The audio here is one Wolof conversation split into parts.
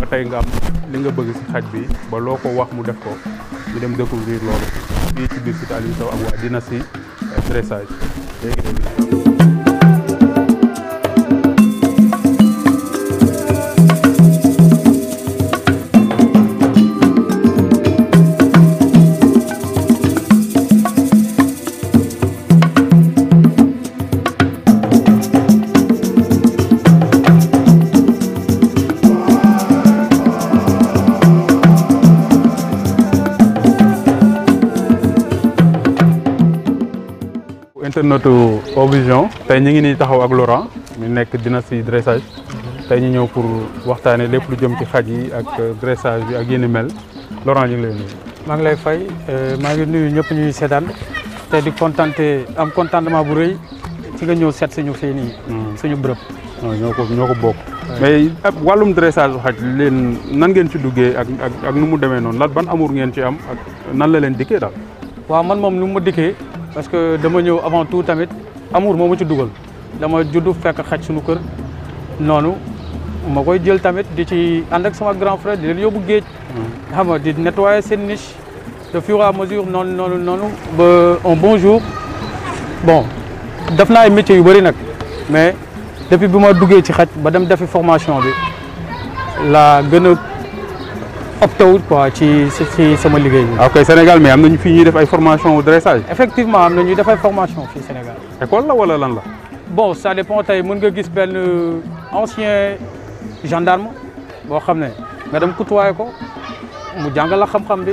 ba tey nga am li nga bëgg si xaj bi ba loo ko wax mu def ko ñu dem découvrir loolu fii ci biir site Aliou Sow am waa dynastie dressage léegi internetu Ovision tey ñu ngi nii taxaw ak Laurent mi nekk Dynasty dressage tey ñu ñëw pour waxtaanee lépp lu jëm ci xaj yi ak euh, dressage bi ak yenn mel Laurent ñu ngi lay nuyu. maa ngi lay fay euh, maa ngi nuyu ñëpp ñuy seetaan te di contenté am contentement bu rëy ci nga ñëw seet suñu fii nii. Hmm. suñu bërëb. ñoo ko ñoo ko bokk. mais wàllum dressage bu xaj leen nan ngeen ci duggee ak ak nu mu demee noonu lan ban amour ngeen ci am ak nan la leen dikkee daal. waaw man moom nu mu dikkee parce que dama avant tout tamit amour moo ci dama juddu fekk suis suñu kër nonu ma jël tamit di ci ànd ak sama grand frère di leen yobu geej hmm. xam di nettoyer sen niche de fur à mesure non, non, ba un bon bon def ay yu mais depuis ci formation la opté quoi ci ci sama liggéey ah, ok Sénégal mais am nañu fii ñuy def ay formation dressage. effectivement am na def ay formation fi Sénégal. école la wala lan la. bon ça dépend tay mën nga gis ben ancien gendarme bo xamné nga dem kutuwaay ko mu jàngal xam-xam bi.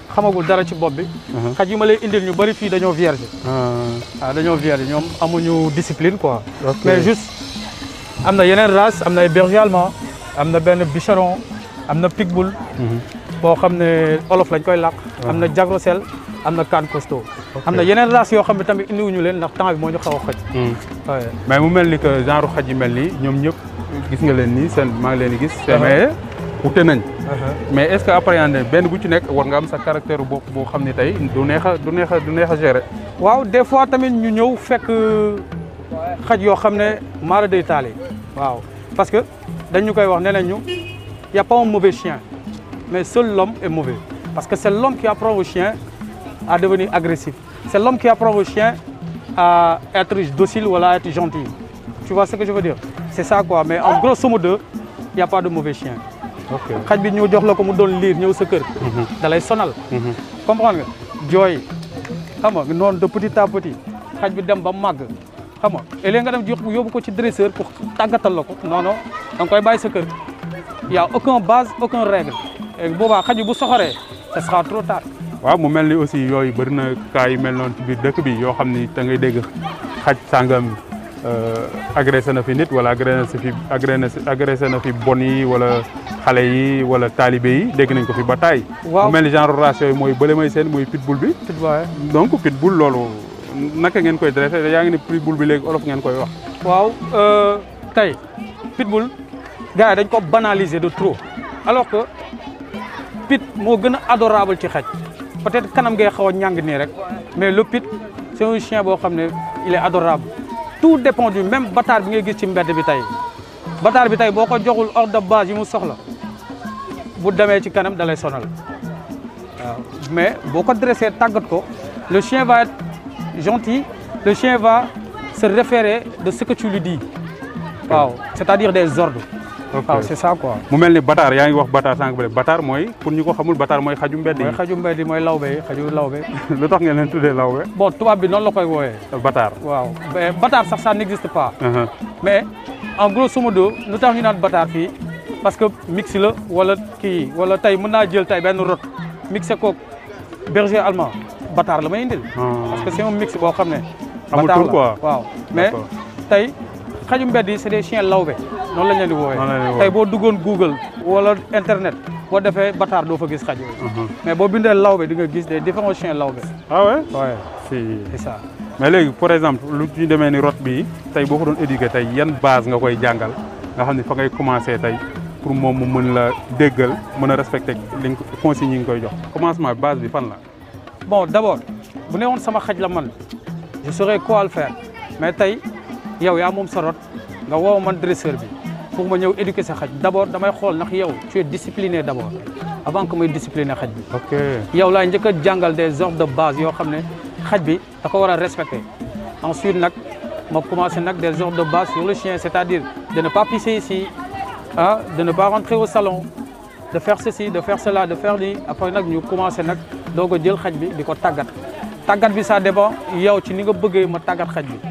xamagul dara ci bi. Uh-huh. lay indil ñu bari fii dañoo vierge. Uh-huh. Ah, vierge amuñu discipline quoi. mais juste am na race am na ay berger allemand am pitbull. Uh-huh. boo xam ne lañ koy làq. am jagrosel am na race ne tamit indiwuñu leen ndax temps bi xaw mm. mais mu mel que genre xaj mel gis nga Uh-huh. mais est-ce que il Ben bu ci nek war nga am sa caractère qui des fois tamit ñu ñew fekk xaj yo mal mara parce que n'y wax a pas un mauvais chien mais seul l'homme est mauvais parce que c'est l'homme qui apprend aux chien à devenir agressif c'est l'homme qui apprend aux chien à être docile ou à être gentil tu vois ce que je veux dire c'est ça quoi mais en grosso modo il n'y a pas de mauvais chien xaj bi ñu jox mhm. la ko mu doon liir ñëw sa kër da lay sonal comprendre mhm. nga jooy xam nga noonu de petit à petit xaj bi dem ba màgg xam nga et léegi nga dem jox yóbbu ko ci dresseur pour tàggatal la ko non non da nga koy bàyyi sa kër y' a aucun base aucun règle et boobaa xaj bi bu soxoree ce sera trop tard. waaw mu mel ni aussi yooyu bëri na cas yu mel noonu ci biir dëkk bi yoo xam ni da ngay dégg xaj sàngam Euh, agressé na fi nit wala agressé fi agressé na fi bon yi wala xale yi wala taalibe yi dégg nañ ko fi ba taay. waaw mu mel ni genre race yooyu mooy bële may seen muy pitbull bi. donc pitbull loolu naka ngeen koy dressé yaa ngi ne pitbull bi léegi olof ngeen koy wax. waaw euh, tey pitbull gars yi dañ ko banaliser de trop alors pit moo gën a adorable ci xaj peut-être kanam ngay xaw a ñàng nii rek mais le pit c'est un chien boo xam ne il est adorable. tout dépend du même bâtard bi ngay gis ci mbedd bi bâtard bi tey boo joxul ordre de base yi mu soxla bu demee ci kanam da lay sonal waaw mais si ko le tàggat ko le chien va être gentil le chien va se référer de ce que tu lui dis waaw c'est-à-dire des ordres waaw c'est ça quoi mu mel ni bataar yaa ngi wax bataar sànq bële bataar mooy pour ñu ko xamul bataar mooy xaju mbedd yi mooy xaju mbedd yi mooy lawbe yi xaju lawbe lu tax ngeen leen tuddee lawbe bon tubaab bi noonu la koy bataar bataar sax ça n'existe pas uh-huh. mais en grosso modo lu tax ñu naan bataar fii parce que mix la walla kii wala tey mën naa jël tey benn rot mixé ko berger allemand bataar la may indil ah. parce que c'est un mix boo xam ne amul tur quoi waaw mais tey xaju mbedd yi c'est des chiens lawbe noonu lañ leen di woowee tey boo duggoon Google wala internet boo defee bataar doo fa gis xaj mhm. mais boo bindee lawbe di nga gis des différents chiens lawbe ah ouais ouais c'est ça mais léegi par exemple lu ñu demee ni rot bi tey boo ko doon éduquer tey yan base nga koy jàngal nga xam ne fa ngay commencer tey pour moom mu mën la déggal mën a respecter li consignes yi nga koy jox commencement base bi fan la bon d'abord bu ne woon sama xaj la man je saurais yow ya mom sa rot nga wo man dresseur bi pour ma ñëw éduquer sa xaj d'abord damay xol nak yow tu es discipliné d'abord. avant que moy discipliner xaj bi. ok yow la njëkk jangal des ordres de base yo xamné xaj bi da ko wara respecter ensuite nak ma commencé nak des ordres de base sur le chien cest à dire de ne pas pisser ici hein, de ne pas rentrer au salon de faire ceci de faire cela de faire lii après nak ñu commencé nak dogo jël xaj bi diko tagat tagat bi ça dépend yow ci ni nga bëggee ma tagat xaj bi.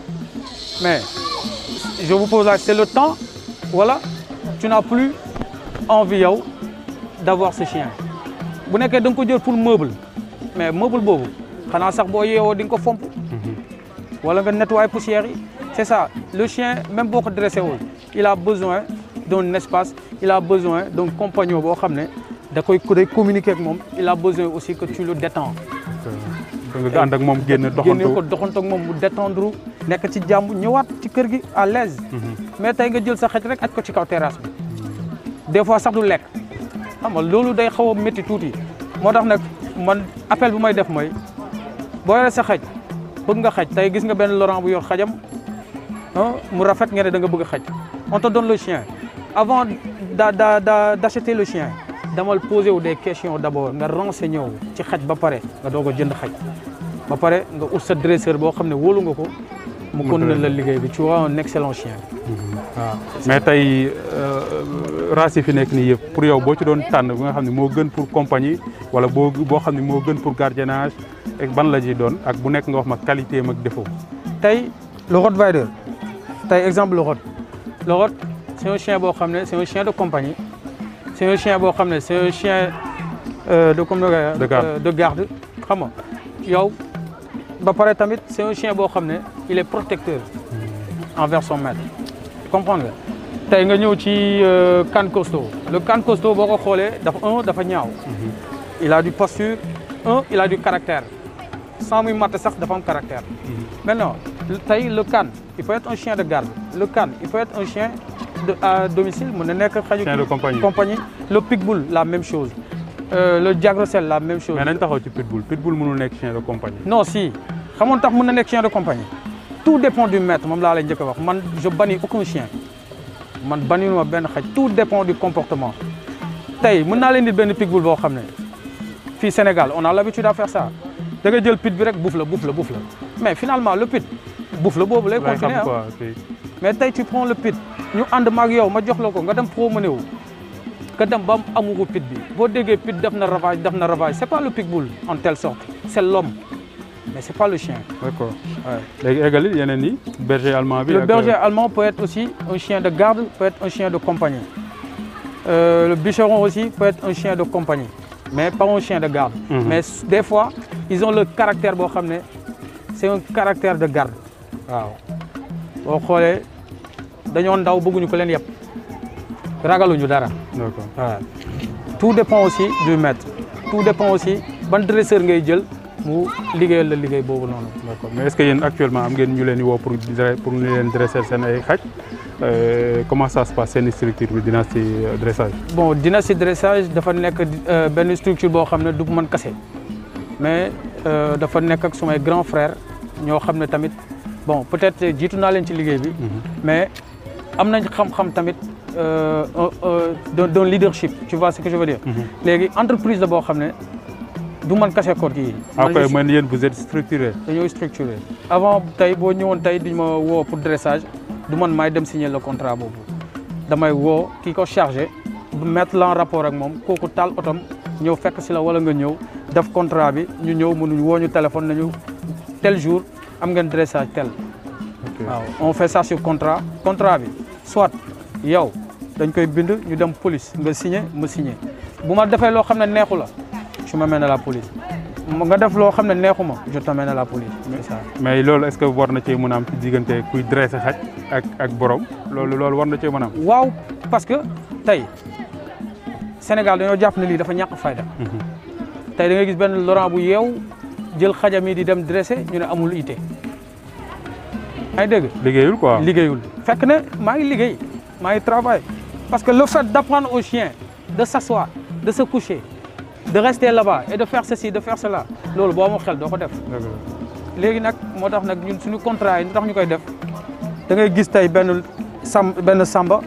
Mais je vous pose là, c'est le temps, voilà, tu n'as plus envie d'avoir ce chien bu que pas nga pour le pour meuble mais meuble boobu xanaa sax boo un di de ko Voilà, mhm. wala nga nettoyer poussière c'est ça le chien même pour ko dressé il a besoin d'un espace il a besoin d'un compagnon boo xam communiquer ak il a besoin aussi que tu le détends. Donc, ànd ak moom détendre nek ci jamm ñëwaat ci kër gi à l'aise mais tay nga jël sa xëj rek aj ko ci kaw terrasse bi des fois sax du lekk xam nga loolu day xaw a métti tuuti moo tax nag man appel bu may def mooy boo yore sa xaj bëgg nga xaj tey gis nga benn Laurent bu yor xajam mu rafet nga ne da nga bëgg a on te donne le chien avant da da da d'acheter le chien damal posé wu des questions d'abord nga renseigner wu ci xaj ba pare nga doog a jënd xaj ba pare nga ut sa dresseur boo xam ne wóolu nga ko mu continuer la liggéey bi tu vois un excellent chien. Mm-hmm. Ah. mais tey euh, race yi fi pour yow boo ci doon tànn bi nga xam ne moo pour compagnie wala boo boo xam ne moo pour gardiennage ak ban la ji doon ak bu nekk nga wax ma qualité am ak défaut. tey le rottweiler tey exemple le rot le rot c'est un chien boo xam c'est un chien de compagnie c'est un chien boo xam c'est un chien euh, de comme euh, de garde xam nga yow tamit c'est un chien qui il est protecteur envers son maître Tu comprends Tu nga euh, un ci Cane Costaud le can Costaud un il a du posture un il a du caractère sans lui, il sax dafa caractère mhm. maintenant le can, il faut être un chien de garde le can, il faut être un chien de à domicile mon na xaju compagnie le Pitbull la même chose euh, le c'est la même chose. mais nañ pas ci pitbull pitbull mënul nekk chien de compagnie. non si xamoon tax mën na chien de compagnie tout dépend du maître Je ne lay njëkk wax man je bannis aucun chien man banniwuma benn xaj tout dépend du comportement tey mën naa leen di benn pitbull boo xam ne Sénégal on a l'habitude à faire ça da nga jël pit bi rek bouffe la buuf la buuf la mais finalement le pit bouffe le bouffe-le, continuer ah. mais tey tu prends le pit nous ànd maag yow ma jox la ko nga dem promener nga dem pit bi vous pit ravage ravage c'est pas le pitbull en telle sorte c'est l'homme mais c'est pas le chien. D'accord. Ouais. Il y a ni berger allemand. Le berger euh, allemand peut être aussi un chien de garde, peut être un chien de compagnie. Euh, le bûcheron aussi peut être un chien de compagnie, mais pas un chien de garde. Mhm. Mais des fois, ils ont le caractère, c'est un caractère de garde. ñu ragaluñu dara. d'accord tout dépend aussi du maître tout dépend aussi ban dresseur ngay jël mu liggéeyal la liggéey boobu noonu. d'accord mais est-ce que yéen actuellement am ngeen ñu leen woo pour pour ñu leen dresser seen ay xaj euh, comment ça se passe seen structure bi dynastie euh, dressage. bon dynastie dressage dafa nekk euh, benn structure boo xam ne du man kase mais dafa nekk ak sumay grand frère ñoo xam ne tamit bon peut-être jiitu naa leen ci liggéey bi. Mhm. mais am nañ xam-xam tamit euh, euh, euh d'un leadership tu vois ce que je veux dire. Mhm. léegi entreprise la boo xam ne du man casser corps gi. Après, ah, man vous êtes structuré. dañoo structuré avant tey boo ñëwoon tey ma pour dressage du man maay dem signer le contrat boobu damay woo qui est chargé mettre la en rapport ak moom tal autom nous fait que c'est la wala nga nous def contrat bi ñu nous mënuñ woo téléphone nañu tel jour am ngeen dressage tel. on fait ça sur contrat contrat bi soit yow. dañ koy bind ñu dem police nga signé ma signé bu ma defee loo xam ne neexu la je m'amène à la police nga def loo xam ne neexu ma je t'amène à la police. mais loolu est-ce que war na cee mën a am ci diggante kuy dressé xaj ak ak borom loolu loolu war na cee mën a waaw parce que tey Sénégal dañoo jàpp ne lii dafa ñàkk fayda. Mhm. tey da ngay gis benn Laurent bu yeew jël xajam yi di dem dressé ñu ne amul ité. yaa ngi dégg liggéeyul quoi liggéeyul fekk ne maa liggéey maa ngi Parce que le fait d'apprendre aux chiens de s'asseoir, de se coucher, de rester là-bas et de faire ceci, de faire cela, c'est ce que je veux léegi nag moo tax nag ñun suñu contrat yi tax ñu def da ngay gis tey samba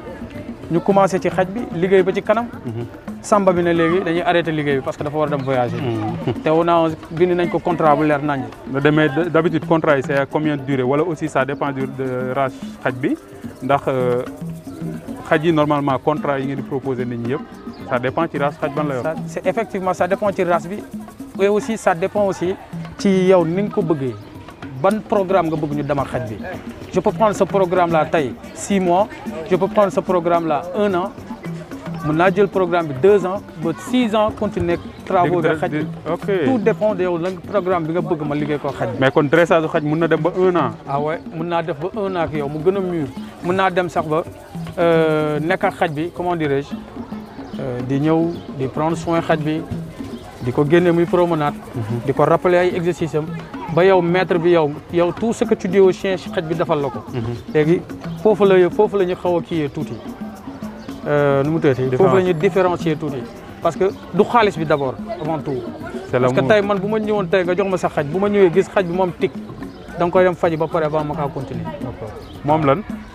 ñu commencé ci xaj bi liggéey ba ci kanam. samba bi ne léegi dañuy arrêter liggéey parce que dafa war a dem voyager. Mm-hmm. te wu naa bind nañ ko contrat bu leer nañ. mais d' habitude contrat c'est combien de durée wala aussi ça dépend du race xaj ndax. Euh, Khadji, normalement, le contrat que vous proposez, ça dépend de la race Khadji. Ça, c'est, effectivement, ça dépend de la race. Et aussi, ça dépend aussi de ce que vous voulez. Quel programme que vous voulez Khadji Je peux prendre ce programme-là, 6 mois. Je peux prendre ce programme-là, 1 an. Je peux prendre le programme 2 ans. Mais 6 ans, continuer les travaux Tout dépend de ce programme que vous voulez que Khadji. Mais le dressage de Khadji, vous pouvez 1 an Ah ouais, vous pouvez faire 1 an. Vous pouvez faire mieux. Vous pouvez faire euh, nekk ak xaj comment dirais-je euh, di ñëw di prendre soin xaj bi di ko génne muy promenade. Mhm. di ko rappeler ay exercices am ba yow maître bi yow yow tout ce que tu dis au chien xaj bi defal la ko. Mhm. léegi foofu la foofu la ñu xaw a kiiyee euh, nu mu tëddee foofu la ñu différencier tuuti. parce que du xaalis bi d' avant tout. parce que tay man buma ñewon tay tey nga jox ma sa xaj buma ñewé gis xaj bi moom tik dang koy dem faji ba paré ba ma ka continuer. mom lan.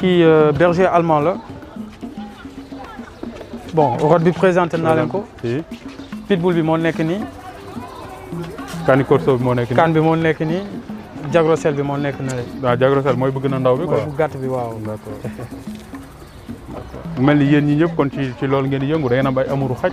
kii euh, berger allemand là. bon rod bi présenté naa leen ko. pitbull bi moo nek ni. kaani corso bi moo nekk nii kaan bi moo nek ni. jagrosel bi moo nek na ah, le. waaw jagrosel moy bëgg na ndaw bi quoi mooy bu gàtt bi waaw. d'accord mel yeen ñi ñëp kon ci ci loolu ngeen di yëngu da ngeen am ay amuru xaj.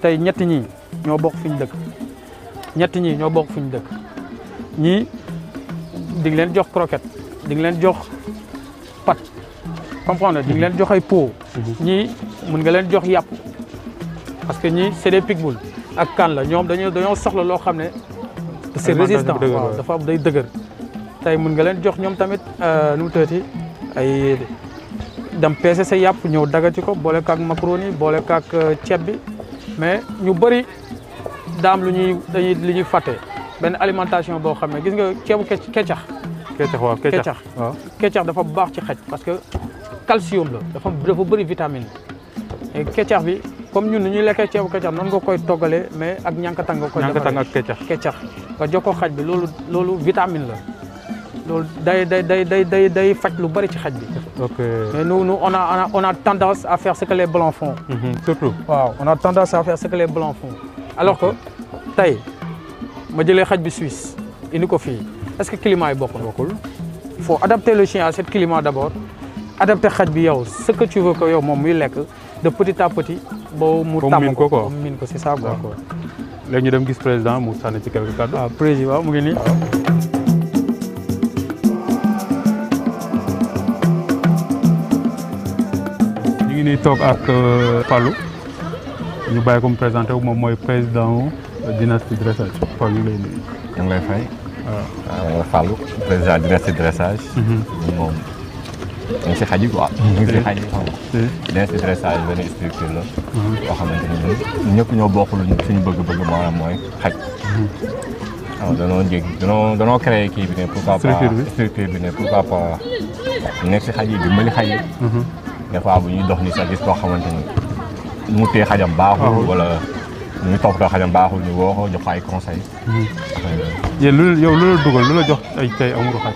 tey ñetti ñi ñoo bokk fi ñu dëkk ñetti ñii ñoo bokk fi ñu dëkk ñii di nga leen jox croquette di nga leen jox pat comprendre di nga leen jox ay pot. Mhm. ñii mun nga leen jox yàpp parce que ñii c'est des pitbull ak kan la ñoom dañoo dañoo soxla loo xam ne. c'est résistant waaw dafa day dëgër. tey mun nga leen jox ñoom tamit euh, nu mu tëddee ay dem peese sa yàpp ñëw ci ko boole kaak macaroni boole kaak euh, ceeb bi. mais ñu bëri daam lu ñuy dañuy li ñuy fàtte benn alimentation bo xam gis nga ceebu keccax. keccax waaw keccax waaw dafa baax ci xaj parce que calcium la dafa dafa bari vitamine et keccax bi comme ñun ni ñuy lekkee ceebu keccax noonu nga koy togalé mais ak ñànkatang nga koy. ñànkatang ak keccax keccax nga xaj bi lolu lolu vitamine la on a tendance à faire ce que les blancs font. Mm-hmm, on a tendance à faire ce que les blancs font. alors que Suisse est-ce que climat est bon il faut adapter le chien à ce climat d'abord adapter le ce que tu veux que tu aies, de petit à petit. Pour c'est ça président ngi toog ak euh, Fallou ñu bàyyi ko mu présenté wu moom mooy président wu euh, dynastie dressage Fallou ñu lay nuyu. ñu ngi lay fay. waaw euh, Fallou président dynastie dressage. Mhm. moom ñu ngi si xaj yi quoi. ñu mhm. ngi si xaj ele xam nga. dynastie dressage benn structure la. Mhm. boo xamante ni ñëpp ñoo bokk luñu suñu bëgg-bëgg maanaam mooy xaj. waaw danoo jég danoo danoo créé kii bi ne pourquoi pas structure bi ne pourquoi pas nekk si xaj yi dimbali xaj yi. des fois bu ñuy dox ni sa gis koo xamante ni mu tee xajam baaxul ah wala ñu toppatoo xajam baaxul ñu woo ko jox ko ay conseil hmm. euh, yéen lu yow lu la dugal lu la jox ay tey amuru xaj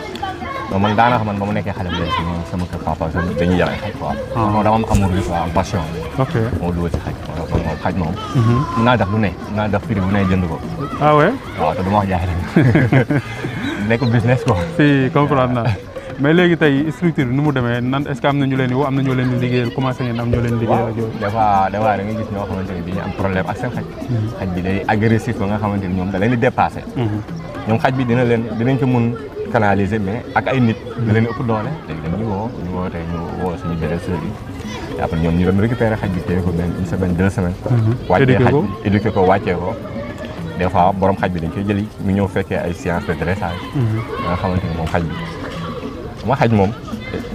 non man man ba mu nekkee xale bu dee sama kër papa dañuy yar ay xaj quoi. Ah. non dama am amour bi quoi passion. ok moo dugal ci hmm. naa def lu ne naa def prix bu ne jënd ko. ah ouais waaw te du ma wax jaay rek business quoi. si comprendre naa. mais léegi tey structure bi nu mu demee nan est ce que am na ñu leen di woo am na ñoo leen di liggéeyal commencé ngeen am ñoo leen di liggéeyal ak yooyu des fois des nga gis ñoo xamante mhm. ni dañuy bi nga leen di dépassé mhm. ñoom xaj bi dina leen dinañ ko mun canaliser mais ay nit mhm. da doole léegi dañuy woo ñu woo tey ñu woo suñu yi après ñoom ñu doon récupérer xaj bi téye ko benn une semaine deux semaines wàccee xaj bi éduqué ko wàccee ko des fois borom xaj bi dañ koy jëli mu ñëw fekkee ay séance de dressage nga xamante moom xaj bi ma xaj moom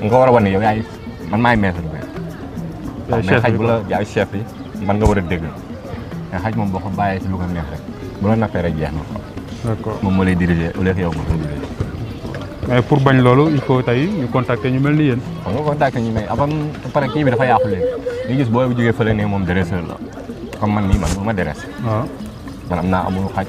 nga war a wane yow yaay man maay maître bi. yaay chef man nga war a dégg mais xaj moom boo ko bàyyee ci lu ko neex rek bu la nappee rek jeex na moom moo lay diriger au ko diriger. mais pour bañ loolu il faut tey ñu contacter ñu mel ni yéen. waaw nga contacter ñu mais avant pare kii bi dafa yàqu léegi li gis booy bu jógee moom dresseur la comme man nii man bu ma dresse. waaw ah. man am naa amul xaj.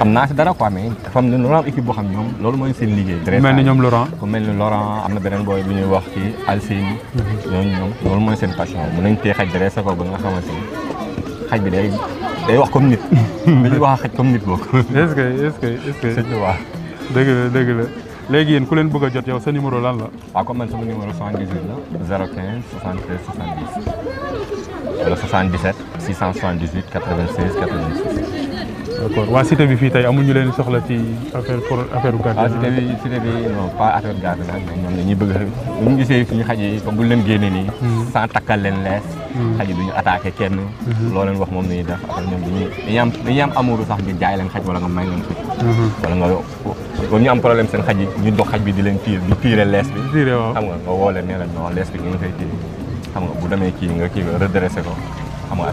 xam naa si dara quoi mais am dafa am équipe boo xam ñoom loolu mooy seen liggéey. très mel ni ñoom Laurent. ku mel ni Laurent am na beneen booy bu ñuy wax ci Alseyni. ñooñu ñoom loolu mooy seen passion mën nañ tee xaj dressé ko ba nga xamante ni xaj bi day day wax comme nit. dañuy wax xaj comme nit boog. est-ce que est léegi yéen ku leen bëgg a jot yow sa numéro lan la. a comme man sama numéro 78 la 015 73 70 wala 77 678 96 96. d'accord waa cité bi fii tey amuñu leen soxla ci affaire pour affaire gaz. waaw cité bi cité bi bëgg a. ñu gisee suñu xaj yi comme bu leen génnee nii. Hmm. sans takkal leen lees. Hmm. xaj yi duñu attaqué kenn. Hmm. loo leen wax moom la ñuy def après ñoom dañuy dañuy am dañuy am amuuru sax nga jaay leen xaj wala nga may leen xaj. wala nga comme ñu am problème seen xaj yi ñu dox xaj bi di leen tiir di tiire lees bi. tiire waaw xam nga nga woo leen ne leen non lees bi ñu ngi koy tiir xam nga bu demee kii nga kii redressé ko xam nga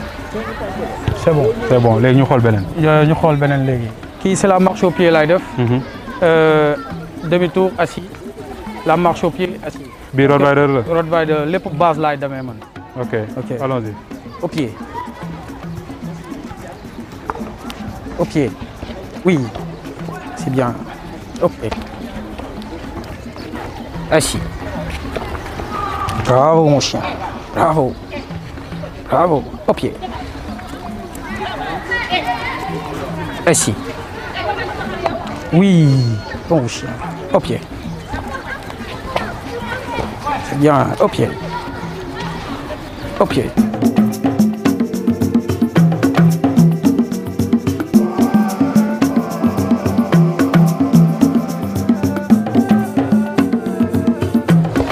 c'est bon c'est bon Les ñu xool beneen. ñu xool Qui c'est la marche au pied là def. Mhm. Euh, demi-tour assis la marche au pied assis. bii Rottweiler la Rottweiler les base là de même. ok ok allons-y. au pied au pied oui c'est bien ok assis. bravo mon chien bravo bravo au Ainsi. Ah, oui, bon Au pied. C'est bien, au pied. Au pied.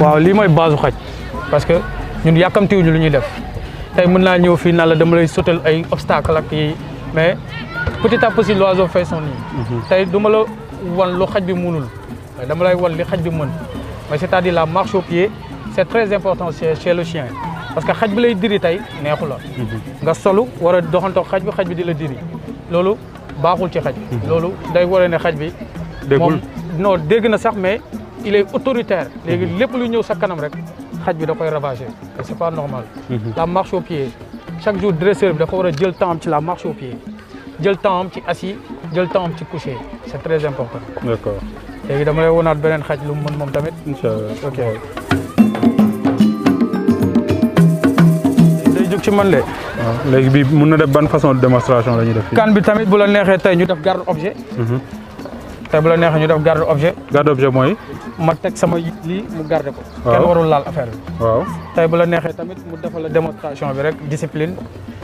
waaw c'est base parce que nous avons lu ñuy def que nous ñëw la dama lay obstacle mais petit à petit l'oiseau fait son nid. Mhm. tey du ma la wan lu xaj bi mënul dama lay wan li xaj bi mën mais c'est-à-dire la marche au pied c'est très important chez chez le chien parce que xaj bi lay diri tey neexu la mhm. nga solu war a doxantoog xaj bi xaj bi di diri Lolo, baaxul ci xaj bi mhm. loolu day waree ne xaj bi non dégg na sax mais il est autoritaire léegi lépp lu ñëw sa kanam rek xaj bi da koy ravager c'est pas normal la marche au pied chaque jour dresseur bi dafa war jël temps ci la marche au pied jël temps ci assis jël temps ci couché c'est très important. d'accord légui dama lay wonat benen xaj lu mën mom tamit. inshallah ok. day jóg ci man lé ah, légui bi mën na def ban façon de démonstration lañu def. kan bi tamit bu la nexé tay ñu def garde objet. Mhm. tay bu la nexé ñu def garde objet. garde objet moy ma tek sama li mu garder ko. waaw kenn warul laal affaire bi. waaw tey bu la nexé tamit mu defal la démonstration bi rek discipline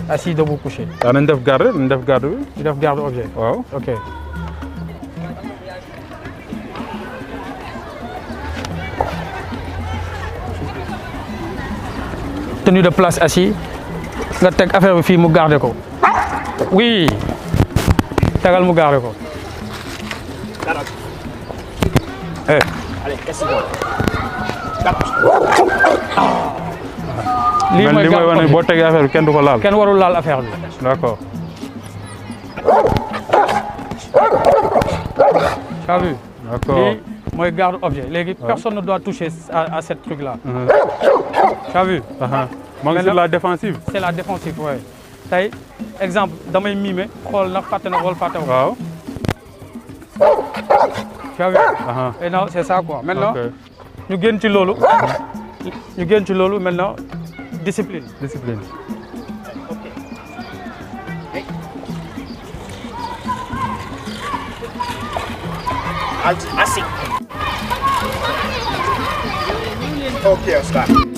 assis debout couché. Dans ah, nañ garde nañ def garde bi. ñu garde objet. waaw ok. tenue de place assis nga teg affaire bi fii mu garde ko. oui tagal mu garde ko. eh. allez, casse-toi lii mooy li may wane boo tegee affaire ken kenn du ko laal. kenn warul lal affaire bi. d'accord. t'as d'accord lii garde objet léegi personne ne doit toucher à à cette truc là. Mm-hmm. t'as vu. Uh-huh. maa la défensive. c'est la défensive oui. tay exemple damay mimé xool na faté na wol faté waaw. t'as vu. Uh-huh. et non c'est ça quoi. maintenant ñu gën ci lolu mm-hmm. ñu gën ci lolu maintenant. Discipline. Discipline. Okay. Hey. I, see. Okay, I'll stop.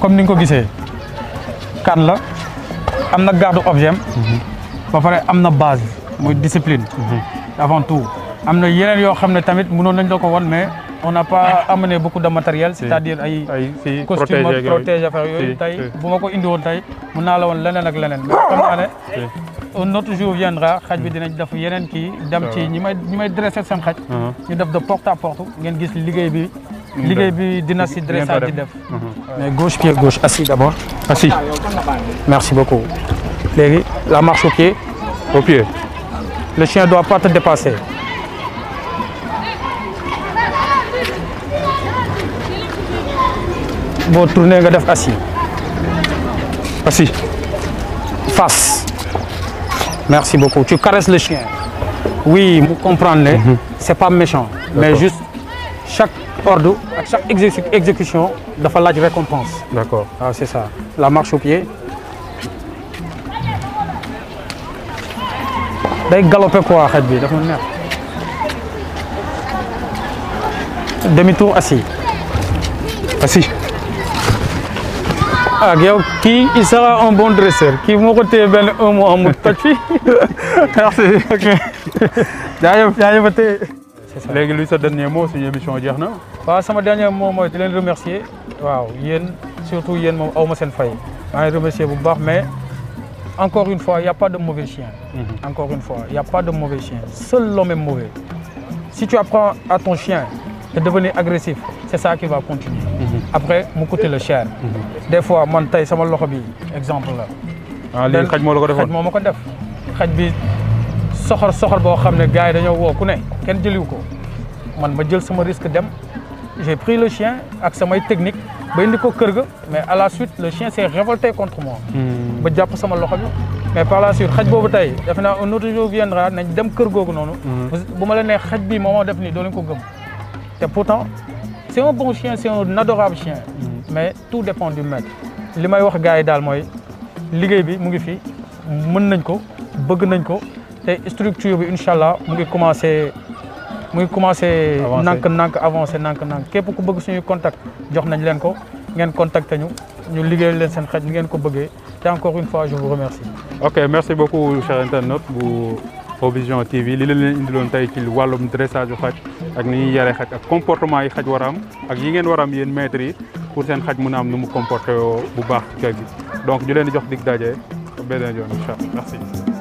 comme nous l'avons vu, kan la garde objet base une discipline avant tout Nous hier des tamit nous mais on n'a pas amené beaucoup de matériel c'est-à-dire des costumes, protège affaire Nous avons bu ko indi la là un jour viendra quand dinañ qui dem ci mais dressé nous xaj uh-huh. de porte à porte ngeen gis le mhm. mais gauche pied gauche assis d'abord assis merci beaucoup. la marche au pied. au pied. le chien doit pas te dépasser. Bon, tournez nga assis. assis. face. merci beaucoup tu caresses le chien. oui vous comprenez. Mhm. c'est pas méchant. mais juste chaque ordre ak chaque exé exécution dafa la récompense. d'accord Ah c'est ça la marche au pied. Il galoper quoi xaj dafa neex. demi-tour assis assis. Ah yow qui il sera un bon dresseur Qui m'a ko téye un mois mu toj merci ok D'ailleurs jaajëf léegi luy sa dernier mot suñu émission jeex na. waaw sama dernier mot moy di len remercier waaw yéen surtout yéen mom awma sen fay maa remercier bu baax mais encore une fois il n'y a pas de mauvais chien. Mhm. encore une fois il n'y a pas de mauvais chien seul l'homme est mauvais. si tu apprends à ton chien de devenir agressif c'est ça qui va continuer. Mhm. après mon coûter le cher. Mhm. des fois mon tey sama loxo bi exemple là. ah lii ben, xaj moo la ko ko soxor soxor bo xamné gaay gars yi dañoo woo ku né kenn jëliw ko man ma jël sama risque dem j'ai pris le chien ak sama technique ba indi ko kër ga mais à la suite le chien s'est révolté contre moi. Hmm. ba japp sama loxo bi. mais par la suite xaj boobu tay def na un autre jour viendra nañ dem kër googu noonu. Hmm. bu ma la né xaj bi momo def ni do leen ko gëm. té pourtant c'est un bon chien c'est un adorable chien. Hmm. mais tout dépend du maître. limay wax gaay dal moy mooy liggéey bi mu ngi fi mën nañ ko bëgg nañ ko te structure bi incha allah mu ngi commencer mu ngi commencé. nank nank avancer nank nank képp ku bëgg suñu contact jox nañ leen ko ngeen contacté ñu ñu liggéey leen seen xaj ni ngeen ko bëggee te encore une fois je vous remercie. ok merci beaucoup cher internaute bu Ovision TV li leen leen indiloon tey ci wàllum dressage xaj ak ni ñuy yare xaj ak comportement yi xaj war am ak yi ngeen war a am yéen maîtres yi pour seen xaj mun a am nu mu comporté bu baax ci kër gi donc ñu leen di jox dig daje beneen yoon incha merci.